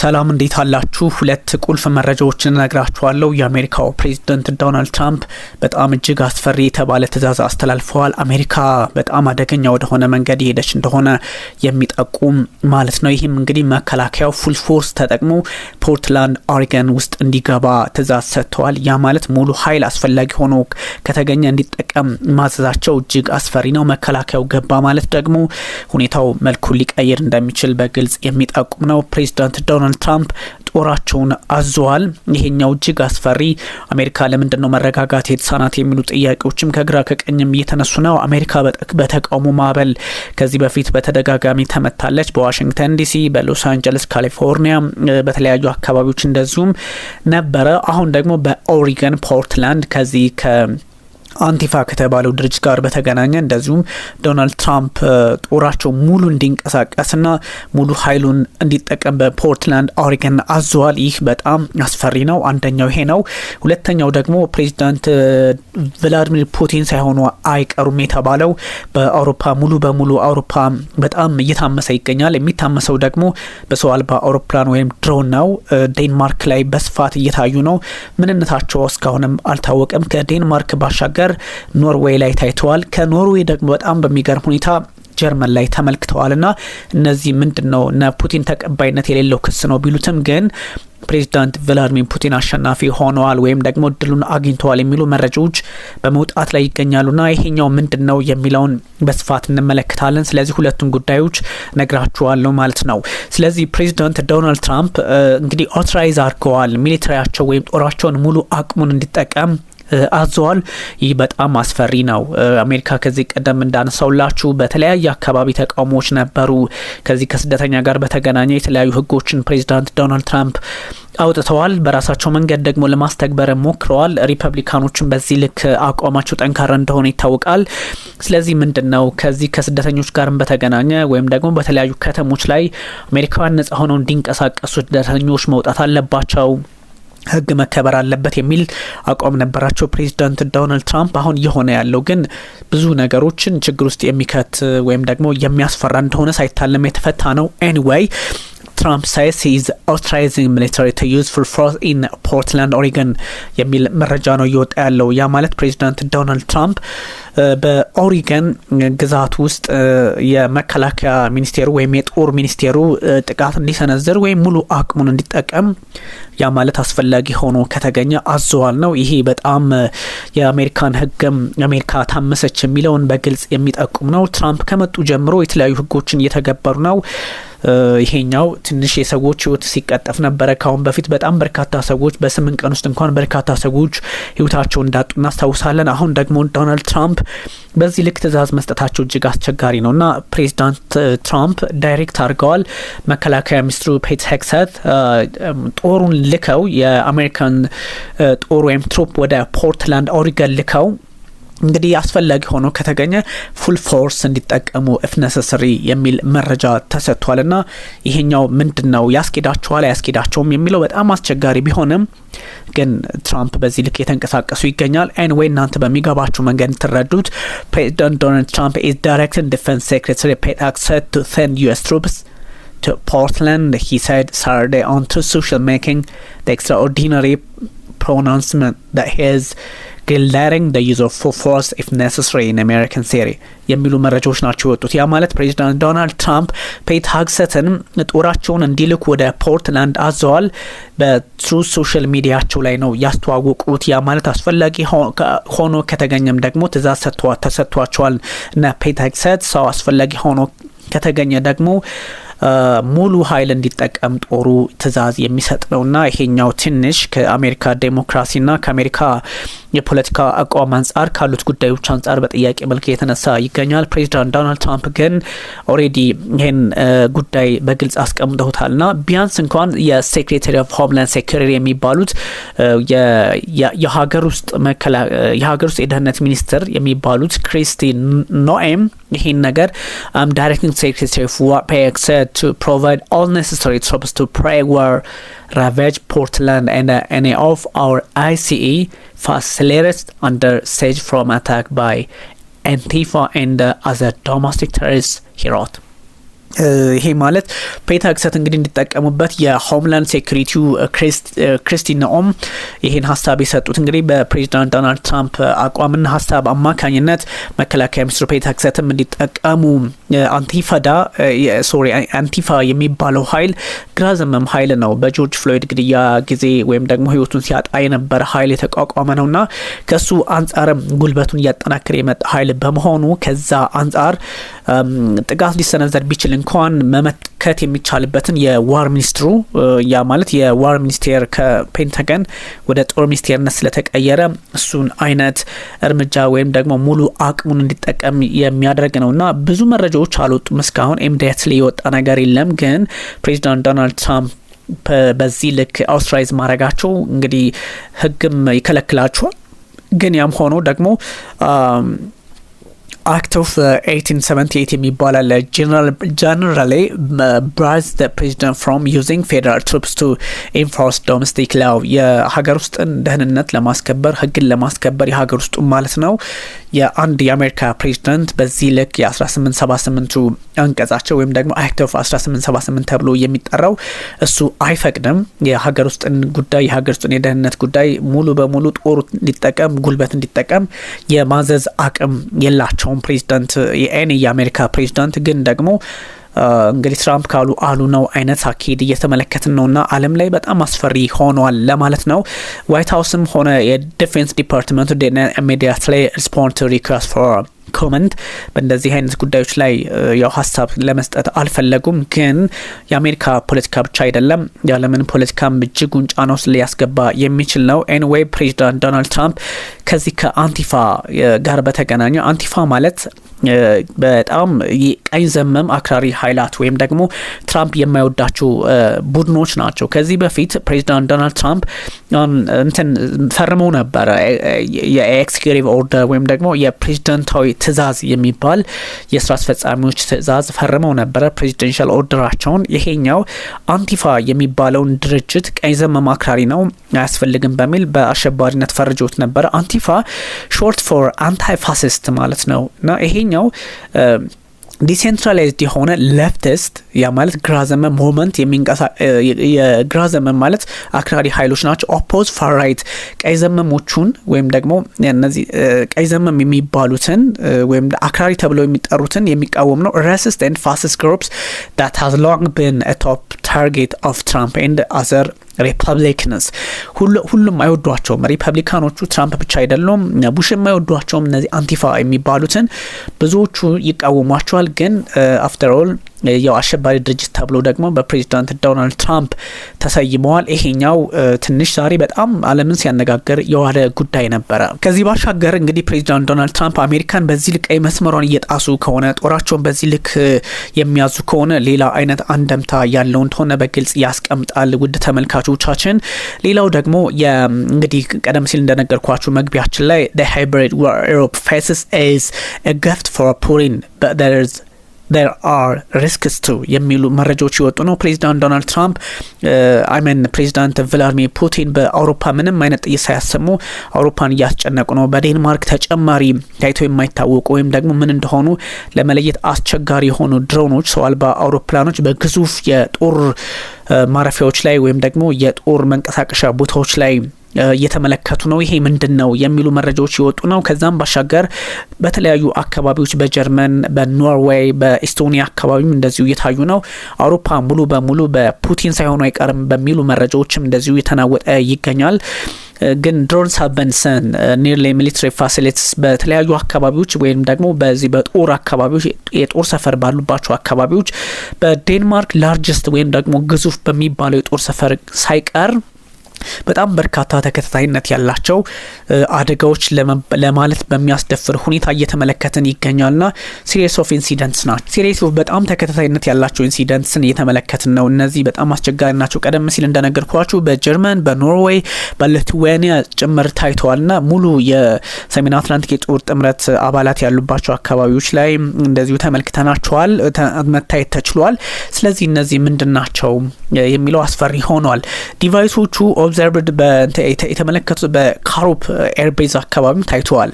ሰላም እንዴት አላችሁ? ሁለት ቁልፍ መረጃዎችን እነግራችኋለሁ። የአሜሪካው ፕሬዚደንት ዶናልድ ትራምፕ በጣም እጅግ አስፈሪ የተባለ ትዕዛዝ አስተላልፈዋል። አሜሪካ በጣም አደገኛ ወደሆነ መንገድ የሄደች እንደሆነ የሚጠቁም ማለት ነው። ይህም እንግዲህ መከላከያው ፉል ፎርስ ተጠቅሞ ፖርትላንድ ኦሪገን ውስጥ እንዲገባ ትዕዛዝ ሰጥተዋል። ያ ማለት ሙሉ ኃይል አስፈላጊ ሆኖ ከተገኘ እንዲጠቀም ማዘዛቸው እጅግ አስፈሪ ነው። መከላከያው ገባ ማለት ደግሞ ሁኔታው መልኩ ሊቀይር እንደሚችል በግልጽ የሚጠቁም ነው። ፕሬዚዳንት ዶናልድ ዶናልድ ትራምፕ ጦራቸውን አዘዋል። ይሄኛው እጅግ አስፈሪ። አሜሪካ ለምንድን ነው መረጋጋት የተሳናት የሚሉ ጥያቄዎችም ከግራ ከቀኝም እየተነሱ ነው። አሜሪካ በተቃውሞ ማዕበል ከዚህ በፊት በተደጋጋሚ ተመታለች። በዋሽንግተን ዲሲ፣ በሎስ አንጀለስ፣ ካሊፎርኒያ፣ በተለያዩ አካባቢዎች እንደዚሁም ነበረ። አሁን ደግሞ በኦሪገን ፖርትላንድ ከዚህ አንቲፋ ከተባለው ድርጅት ጋር በተገናኘ እንደዚሁም ዶናልድ ትራምፕ ጦራቸው ሙሉ እንዲንቀሳቀስና ሙሉ ኃይሉን እንዲጠቀም በፖርትላንድ ኦሪገን አዘዋል። ይህ በጣም አስፈሪ ነው። አንደኛው ይሄ ነው። ሁለተኛው ደግሞ ፕሬዚዳንት ቭላዲሚር ፑቲን ሳይሆኑ አይቀሩም የተባለው በአውሮፓ ሙሉ በሙሉ አውሮፓ በጣም እየታመሰ ይገኛል። የሚታመሰው ደግሞ በሰው አልባ አውሮፕላን ወይም ድሮን ነው። ዴንማርክ ላይ በስፋት እየታዩ ነው። ምንነታቸው እስካሁንም አልታወቀም። ከዴንማርክ ባሻገር ነገር ኖርዌይ ላይ ታይተዋል። ከኖርዌይ ደግሞ በጣም በሚገርም ሁኔታ ጀርመን ላይ ተመልክተዋል። ና እነዚህ ምንድን ነው እነ ፑቲን ተቀባይነት የሌለው ክስ ነው ቢሉትም ግን ፕሬዚዳንት ቭላድሚር ፑቲን አሸናፊ ሆነዋል ወይም ደግሞ እድሉን አግኝተዋል የሚሉ መረጃዎች በመውጣት ላይ ይገኛሉ። ና ይሄኛው ምንድን ነው የሚለውን በስፋት እንመለከታለን። ስለዚህ ሁለቱም ጉዳዮች ነግራችኋለሁ ማለት ነው። ስለዚህ ፕሬዚዳንት ዶናልድ ትራምፕ እንግዲህ ኦትራይዝ አድርገዋል ሚሊተሪያቸው ወይም ጦራቸውን ሙሉ አቅሙን እንዲጠቀም አዘዋል። ይህ በጣም አስፈሪ ነው። አሜሪካ ከዚህ ቀደም እንዳነሳውላችሁ በተለያየ አካባቢ ተቃውሞዎች ነበሩ። ከዚህ ከስደተኛ ጋር በተገናኘ የተለያዩ ህጎችን ፕሬዚዳንት ዶናልድ ትራምፕ አውጥተዋል። በራሳቸው መንገድ ደግሞ ለማስተግበር ሞክረዋል። ሪፐብሊካኖችን በዚህ ልክ አቋማቸው ጠንካራ እንደሆነ ይታወቃል። ስለዚህ ምንድን ነው ከዚህ ከስደተኞች ጋርም በተገናኘ ወይም ደግሞ በተለያዩ ከተሞች ላይ አሜሪካውያን ነጻ ሆነው እንዲንቀሳቀሱ ስደተኞች መውጣት አለባቸው ህግ መከበር አለበት የሚል አቋም ነበራቸው ፕሬዚዳንት ዶናልድ ትራምፕ። አሁን የሆነ ያለው ግን ብዙ ነገሮችን ችግር ውስጥ የሚከት ወይም ደግሞ የሚያስፈራ እንደሆነ ሳይታለም የተፈታ ነው። ኤኒዌይ ትራምፕ ሳይስ ሂዝ ኦውትራይዚንግ ሚሊታሪ ቱ ዩዝ ፉል ፎርስ ኢን ፖርትላንድ ኦሪገን የሚል መረጃ ነው እየወጣ ያለው። ያ ማለት ፕሬዚዳንት ዶናልድ ትራምፕ በኦሪገን ግዛት ውስጥ የመከላከያ ሚኒስቴሩ ወይም የጦር ሚኒስቴሩ ጥቃት እንዲሰነዝር ወይም ሙሉ አቅሙን እንዲጠቀም ያ ማለት አስፈላጊ ሆኖ ከተገኘ አዘዋል ነው። ይሄ በጣም የአሜሪካን ህግም አሜሪካ ታመሰች የሚለውን በግልጽ የሚጠቁም ነው። ትራምፕ ከመጡ ጀምሮ የተለያዩ ህጎችን እየተገበሩ ነው። ይሄኛው ትንሽ የሰዎች ህይወት ሲቀጠፍ ነበረ። ካሁን በፊት በጣም በርካታ ሰዎች በስምንት ቀን ውስጥ እንኳን በርካታ ሰዎች ህይወታቸው እንዳጡ እናስታውሳለን። አሁን ደግሞ ዶናልድ ትራምፕ በዚህ ልክ ትእዛዝ መስጠታቸው እጅግ አስቸጋሪ ነው እና ፕሬዚዳንት ትራምፕ ዳይሬክት አድርገዋል። መከላከያ ሚኒስትሩ ፔት ሄግሰት ጦሩን ልከው የአሜሪካን ጦር ወይም ትሩፕ ወደ ፖርትላንድ ኦሪገን ልከው እንግዲህ አስፈላጊ ሆኖ ከተገኘ ፉል ፎርስ እንዲጠቀሙ ኢፍ ነሰሰሪ የሚል መረጃ ተሰጥቷል። ና ይሄኛው ምንድን ነው ያስኬዳቸዋል አያስኬዳቸውም የሚለው በጣም አስቸጋሪ ቢሆንም ግን ትራምፕ በዚህ ልክ የተንቀሳቀሱ ይገኛል። ኤንዌይ እናንተ በሚገባችሁ መንገድ ትረዱት። ፕሬዚደንት ዶናልድ ትራምፕ ኢዝ ዳይሬክትን ዲፌንስ ሴክሬታሪ ፔታክ ሰድ ቱ ሴንድ ዩስ ትሩፕስ ቱ ፖርትላንድ ሂ ሰድ ሳርዴ ኦን ቱ ሶሻል ሜኪንግ ኤክስትራኦርዲናሪ pronouncement that has glaring the use of force if necessary in American theory የሚሉ መረጃዎች ናቸው የወጡት። ያ ማለት ፕሬዚዳንት ዶናልድ ትራምፕ ፔት ሀግሰትን ጦራቸውን እንዲልኩ ወደ ፖርትላንድ አዘዋል። በትሩ ሶሻል ሚዲያቸው ላይ ነው ያስተዋወቁት። ያ ማለት አስፈላጊ ሆኖ ከተገኘም ደግሞ ትእዛዝ ተሰጥቷቸዋል እና ፔት ሀግሰት ሰው አስፈላጊ ሆኖ ከተገኘ ደግሞ ሙሉ ኃይል እንዲጠቀም ጦሩ ትዕዛዝ የሚሰጥ ነውና ይሄኛው ትንሽ ከአሜሪካ ዴሞክራሲና ከአሜሪካ የፖለቲካ አቋም አንጻር ካሉት ጉዳዮች አንጻር በጥያቄ መልክ የተነሳ ይገኛል። ፕሬዚዳንት ዶናልድ ትራምፕ ግን ኦሬዲ ይህን ጉዳይ በግልጽ ና ቢያንስ እንኳን የሴክሬታሪ ኦፍ ሆምላንድ ሴኩሪቲ የሚባሉት የሀገር ውስጥ የደህንነት ሚኒስትር የሚባሉት ክሪስቲ ኖኤም Hinagar. I'm um, directing Secretary of Work said to provide all necessary troops to Prague, ravage Portland and uh, any of our ICE facilities under siege from attack by Antifa and uh, other domestic terrorists, he wrote. ይሄ ማለት ፔታክሰት እንግዲህ እንዲጠቀሙበት የሆምላንድ ሴኩሪቲው ክሪስቲ ነኦም ይህን ሀሳብ የሰጡት እንግዲህ በፕሬዚዳንት ዶናልድ ትራምፕ አቋምና ሀሳብ አማካኝነት መከላከያ ሚኒስትሩ ፔታክሰትም እንዲጠቀሙ አንቲፋዳ ሶሪ አንቲፋ የሚባለው ኃይል ግራ ዘመም ኃይል ነው። በጆርጅ ፍሎይድ ግድያ ጊዜ ወይም ደግሞ ህይወቱን ሲያጣ የነበረ ኃይል የተቋቋመ ነውና ከሱ አንጻርም ጉልበቱን እያጠናከረ የመጣ ኃይል በመሆኑ ከዛ አንጻር ጥቃት ሊሰነዘር ቢችል እንኳን መመከት የሚቻልበትን የዋር ሚኒስትሩ ያ ማለት የዋር ሚኒስቴር ከፔንታገን ወደ ጦር ሚኒስቴርነት ስለተቀየረ እሱን አይነት እርምጃ ወይም ደግሞ ሙሉ አቅሙን እንዲጠቀም የሚያደርግ ነው እና ብዙ መረጃዎች አልወጡም እስካሁን ላይ የወጣ ነገር የለም ግን ፕሬዚዳንት ዶናልድ ትራምፕ በዚህ ልክ አውስትራይዝ ማድረጋቸው እንግዲህ ህግም ይከለክላቸዋል። ግን ያም ሆኖ ደግሞ አክት ኦፍ 1878 የሚባል አለ። ጀነራሊ ባርዝ ፕሬዚደንት ፍሮም ዩዚንግ ፌዴራል ትሩፕስ ቱ ኢንፎርስ ዶሜስቲክ ላው የሀገር ውስጥን ደህንነት ለማስከበር ህግን ለማስከበር የሀገር ውስጡ ማለት ነው። የአንድ የአሜሪካ ፕሬዚደንት በዚህ ልክ የ 1878 አንቀጻቸው ወይም ደግሞ አክት ኦፍ 1878 ተብሎ የሚጠራው እሱ አይፈቅድም። የሀገር ውስጥን ጉዳይ የሀገር ውስጥን የደህንነት ጉዳይ ሙሉ በሙሉ ጦሩ እንዲጠቀም ጉልበት እንዲጠቀም የማዘዝ አቅም የላቸው የአሁን ፕሬዚዳንት የአይን የአሜሪካ ፕሬዚዳንት ግን ደግሞ እንግዲህ ትራምፕ ካሉ አሉ ነው አይነት አካሄድ እየተመለከትን ነውና አለም ላይ በጣም አስፈሪ ሆኗል ለማለት ነው። ዋይት ሀውስም ሆነ የዲፌንስ ዲፓርትመንቱ ኢሚዲያት ላይ ሪስፖንድ ሪኩዌስት ፎር ኮመንት በእንደዚህ አይነት ጉዳዮች ላይ ያው ሀሳብ ለመስጠት አልፈለጉም። ግን የአሜሪካ ፖለቲካ ብቻ አይደለም የዓለምን ፖለቲካም እጅጉን ጫና ውስጥ ሊያስገባ የሚችል ነው። ኤንዌይ ፕሬዚዳንት ዶናልድ ትራምፕ ከዚህ ከአንቲፋ ጋር በተገናኘ አንቲፋ ማለት በጣም ቀኝ ዘመም አክራሪ ኃይላት ወይም ደግሞ ትራምፕ የማይወዳቸው ቡድኖች ናቸው። ከዚህ በፊት ፕሬዚዳንት ዶናልድ ትራምፕ እንትን ፈርመው ነበረ የኤክስኪዩቲቭ ኦርደር ወይም ደግሞ የፕሬዚደንታዊ ትእዛዝ የሚባል የስራ አስፈጻሚዎች ትእዛዝ ፈርመው ነበረ ፕሬዚደንሻል ኦርደራቸውን። ይሄኛው አንቲፋ የሚባለውን ድርጅት ቀኝ ዘመም አክራሪ ነው አያስፈልግም በሚል በአሸባሪነት ፈርጆት ነበረ። አንቲፋ ሾርት ፎር አንታይ ፋሲስት ማለት ነው እና ይሄ አንደኛው ዲሴንትራላይዝድ የሆነ ሌፍቲስት ያ ማለት ግራ ሞመንት የግራ ዘመን ማለት አክራሪ ኃይሎች ናቸው። ኦፖዝ ፋራይት ቀይ ዘመሞቹን ወይም ደግሞ እነዚህ ቀይ ዘመም የሚባሉትን ወይም አክራሪ ተብለው የሚጠሩትን የሚቃወም ነው። ሬሲስት ን ፋሲስት ግሩፕስ ዳት ሃዝ ሎንግ ብን ቶፕ ታርጌት ኦፍ ትራምፕ ንድ አዘር ሪፐብሊክንስ ሁሉም አይወዷቸውም። ሪፐብሊካኖቹ ትራምፕ ብቻ አይደለም፣ ቡሽ የማይወዷቸውም እነዚህ አንቲፋ የሚባሉትን ብዙዎቹ ይቃወሟቸዋል። ግን አፍተር uh, ኦል ያው አሸባሪ ድርጅት ተብሎ ደግሞ በፕሬዚዳንት ዶናልድ ትራምፕ ተሰይመዋል። ይሄኛው ትንሽ ዛሬ በጣም ዓለምን ሲያነጋግር የዋለ ጉዳይ ነበረ። ከዚህ ባሻገር እንግዲህ ፕሬዚዳንት ዶናልድ ትራምፕ አሜሪካን በዚህ ልክ ቀይ መስመሯን እየጣሱ ከሆነ ጦራቸውን በዚህ ልክ የሚያዙ ከሆነ ሌላ አይነት አንደምታ ያለው እንደሆነ በግልጽ ያስቀምጣል። ውድ ተመልካቾቻችን፣ ሌላው ደግሞ እንግዲህ ቀደም ሲል እንደነገርኳችሁ መግቢያችን ላይ ሃይብሪድ ዋር ዩሮፕ ፌስስ ኤዝ ገፍት ፎር ፑቲን ዜር አር ሪስክስ ቱ የሚሉ መረጃዎች የወጡ ነው። ፕሬዚዳንት ዶናልድ ትራምፕ አይመን ፕሬዚዳንት ቭላዲሚር ፑቲን በአውሮፓ ምንም አይነት ጥይት ሳያሰሙ አውሮፓን እያስጨነቁ ነው። በዴንማርክ ተጨማሪ ታይቶ የማይታወቁ ወይም ደግሞ ምን እንደሆኑ ለመለየት አስቸጋሪ የሆኑ ድሮኖች፣ ሰው አልባ አውሮፕላኖች በግዙፍ የጦር ማረፊያዎች ላይ ወይም ደግሞ የጦር መንቀሳቀሻ ቦታዎች ላይ እየተመለከቱ ነው። ይሄ ምንድን ነው የሚሉ መረጃዎች የወጡ ነው። ከዛም ባሻገር በተለያዩ አካባቢዎች በጀርመን፣ በኖርዌይ፣ በኢስቶኒያ አካባቢም እንደዚሁ እየታዩ ነው። አውሮፓ ሙሉ በሙሉ በፑቲን ሳይሆኑ አይቀርም በሚሉ መረጃዎችም እንደዚሁ እየተናወጠ ይገኛል። ግን ድሮን ኒር ላይ ሚሊትሪ ፋሲሊቲስ በተለያዩ አካባቢዎች ወይም ደግሞ በዚህ በጦር አካባቢዎች የጦር ሰፈር ባሉባቸው አካባቢዎች በዴንማርክ ላርጅስት ወይም ደግሞ ግዙፍ በሚባለው የጦር ሰፈር ሳይቀር በጣም በርካታ ተከታታይነት ያላቸው አደጋዎች ለማለት በሚያስደፍር ሁኔታ እየተመለከትን ና ሲሪየስ ኦፍ ኢንሲደንትስ ናቸው። ሲሪየስ ኦፍ በጣም ተከታታይነት ያላቸው ኢንሲደንትስን እየተመለከትን ነው። እነዚህ በጣም አስቸጋሪ ናቸው። ቀደም ሲል እንደነገርኳችሁ በጀርመን በኖርዌይ በሊቱዌኒያ ጭምር ና ሙሉ የሰሜን አትላንቲክ የጦር ጥምረት አባላት ያሉባቸው አካባቢዎች ላይ እንደዚሁ ተመልክተናቸዋል፣ መታየት ተችሏል። ስለዚህ እነዚህ ምንድን ናቸው? የሚለው አስፈሪ ሆኗል። ዲቫይሶቹ ኦብዘርቭድ የተመለከቱ በካሮፕ ኤርቤዝ አካባቢ ታይተዋል።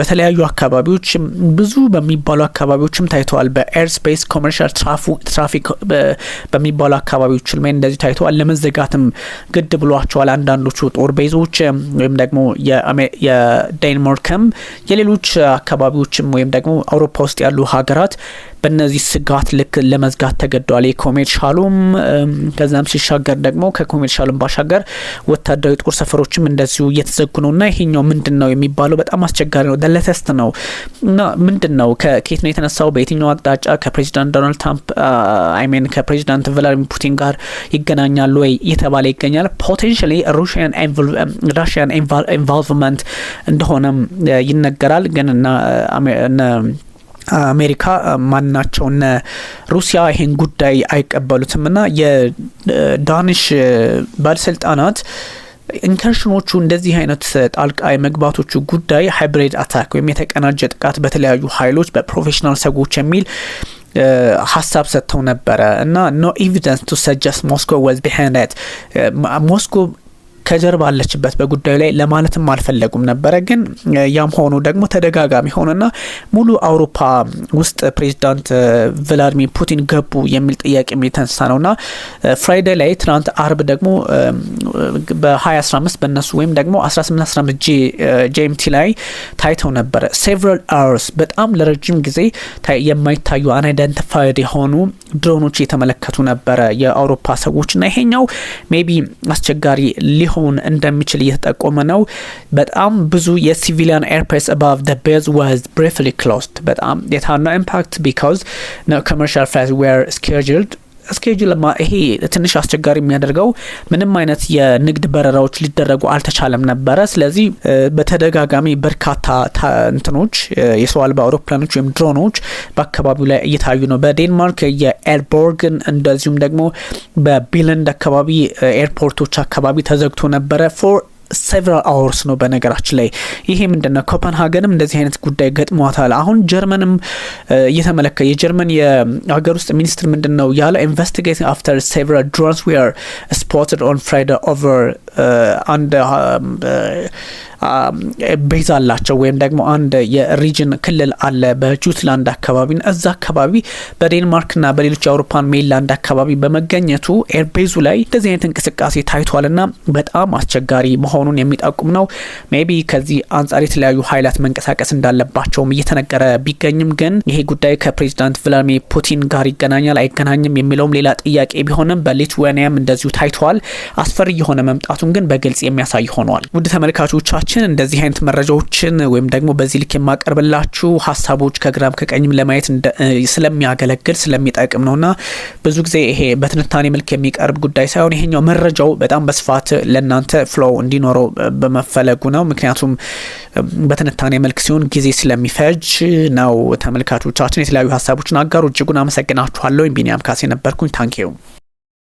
በተለያዩ አካባቢዎች ብዙ በሚባሉ አካባቢዎችም ታይተዋል። በኤርስፔስ ኮመርሻል ትራፊክ በሚባሉ አካባቢዎች ላይ እንደዚህ ታይተዋል። ለመዘጋትም ግድ ብሏቸዋል። አንዳንዶቹ ጦር ቤዞች ወይም ደግሞ የዴንማርክም የሌሎች አካባቢዎችም ወይም ደግሞ አውሮፓ ውስጥ ያሉ ሀገራት በእነዚህ ስጋት ልክ ለመዝጋት ተገደዋል። የኮሜት ሻሎም ከዛም ሲሻገር ደግሞ ከኮሜርሻልም ባሻገር ወታደራዊ ጥቁር ሰፈሮችም እንደዚሁ እየተዘጉ ነው እና ይሄኛው ምንድን ነው የሚባለው በጣም አስቸጋሪ ነው። ደለተስት ነው እና ምንድን ነው ከኬት ነው የተነሳው በየትኛው አቅጣጫ ከፕሬዚዳንት ዶናልድ ትራምፕ አይሜን ከፕሬዚዳንት ቭላዲሚር ፑቲን ጋር ይገናኛሉ ወይ እየተባለ ይገኛል። ፖቴንሽሊ ራሽያን ኢንቫልቭመንት እንደሆነም uh, ይነገራል ግን እና አሜሪካ ማናቸውነ ሩሲያ ይሄን ጉዳይ አይቀበሉትም ና የዳንሽ ባለስልጣናት ኢንተንሽኖቹ እንደዚህ አይነት ጣልቃ የመግባቶቹ ጉዳይ ሃይብሪድ አታክ ወይም የተቀናጀ ጥቃት በተለያዩ ኃይሎች በፕሮፌሽናል ሰዎች የሚል ሀሳብ ሰጥተው ነበረ እና ኖ ኤቪደንስ ቱ ሰጀስት ሞስኮ ወዝ ቢሄንት ሞስኮ ከጀርባ አለችበት በጉዳዩ ላይ ለማለትም አልፈለጉም ነበረ። ግን ያም ሆኖ ደግሞ ተደጋጋሚ ሆነና ሙሉ አውሮፓ ውስጥ ፕሬዚዳንት ቭላድሚር ፑቲን ገቡ የሚል ጥያቄ የተነሳ ነውና ፍራይዴ ላይ ትናንት አርብ ደግሞ በ2015 በነሱ ወይም ደግሞ 1815 ጂኤምቲ ላይ ታይተው ነበረ። ሴቨራል አወርስ በጣም ለረጅም ጊዜ የማይታዩ አንአይደንቲፋይድ የሆኑ ድሮኖች እየተመለከቱ ነበረ የአውሮፓ ሰዎችና ይሄኛው ሜቢ አስቸጋሪ ሊሆን ሊሆን እንደሚችል እየተጠቆመ ነው። በጣም ብዙ የሲቪሊያን ኤርፕሌስ አባቭ ደ ቤዝ ዋዝ ብሪፍሊ ክሎስድ በጣም የታና ኢምፓክት ቢካዝ ኖ ኮመርሻል ፍላይትስ ዌር ስኬጁልድ ስኬጁል ይሄ ትንሽ አስቸጋሪ የሚያደርገው ምንም አይነት የንግድ በረራዎች ሊደረጉ አልተቻለም ነበረ። ስለዚህ በተደጋጋሚ በርካታ እንትኖች የሰው አልባ አውሮፕላኖች ወይም ድሮኖች በአካባቢው ላይ እየታዩ ነው። በዴንማርክ የኤርቦርግን እንደዚሁም ደግሞ በቢለንድ አካባቢ ኤርፖርቶች አካባቢ ተዘግቶ ነበረ ፎር ሴቨራል አወርስ ነው። በነገራችን ላይ ይሄ ምንድን ነው ኮፐንሃገንም እንደዚህ አይነት ጉዳይ ገጥሟታል። አሁን ጀርመንም እየተመለከ የጀርመን የሀገር ውስጥ ሚኒስትር ምንድን ነው ያለ ኢንቨስቲጌቲንግ አፍተር ሴቨራል ድሮንስ ዌር ስፖትድ ኦን ፍራይደ ኦቨር አንድ ቤዝ አላቸው ወይም ደግሞ አንድ የሪጅን ክልል አለ በጁትላንድ አካባቢ እዛ አካባቢ በዴንማርክና በሌሎች የአውሮፓን ሜንላንድ አካባቢ በመገኘቱ ኤርቤዙ ላይ እንደዚህ አይነት እንቅስቃሴ ታይቷልና በጣም አስቸጋሪ መሆኑን የሚጠቁም ነው። ሜቢ ከዚህ አንጻር የተለያዩ ኃይላት መንቀሳቀስ እንዳለባቸውም እየተነገረ ቢገኝም ግን ይሄ ጉዳይ ከፕሬዚዳንት ቭላድሚር ፑቲን ጋር ይገናኛል አይገናኝም የሚለውም ሌላ ጥያቄ ቢሆንም በሊትዌኒያም እንደዚሁ ታይተዋል። አስፈሪ የሆነ መምጣቱን ግን በግልጽ የሚያሳይ ሆኗል ውድ ተመልካቾቻ ተመልካቾቻችን እንደዚህ አይነት መረጃዎችን ወይም ደግሞ በዚህ ልክ የማቀርብላችሁ ሀሳቦች ከግራም ከቀኝም ለማየት ስለሚያገለግል ስለሚጠቅም ነውና ብዙ ጊዜ ይሄ በትንታኔ መልክ የሚቀርብ ጉዳይ ሳይሆን ይሄኛው መረጃው በጣም በስፋት ለእናንተ ፍሎው እንዲኖረው በመፈለጉ ነው። ምክንያቱም በትንታኔ መልክ ሲሆን ጊዜ ስለሚፈጅ ነው። ተመልካቾቻችን የተለያዩ ሀሳቦችን አጋሩ። እጅጉን አመሰግናችኋለሁ። ቢኒያም ካሴ ነበርኩኝ። ታንኪዩ